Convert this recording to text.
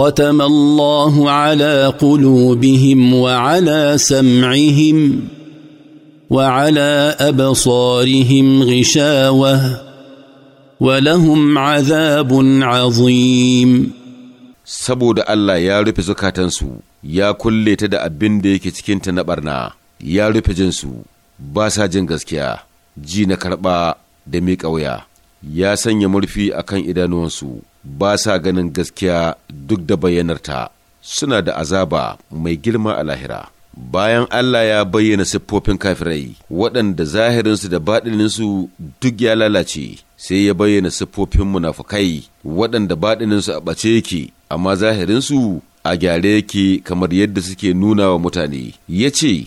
ختم الله على قلوبهم وعلى سمعهم وعلى ابصارهم غشاوه ولهم عذاب عظيم saboda Allah ya rufe zukatansu ya kulle ta da abin da yake cikinta na barna ya rufe jinsu ba sa jin gaskiya ji na karɓa da miƙa ya sanya murfi akan idanuwansu ba sa ganin gaskiya duk da bayyanarta suna da azaba mai girma a lahira bayan Allah ya bayyana siffofin kafirai waɗanda zahirinsu da baɗininsu duk ya lalace sai ya bayyana siffofin munafukai waɗanda baɗininsu a ɓace yake amma zahirinsu a gyare yake kamar yadda suke nuna wa mutane ya ce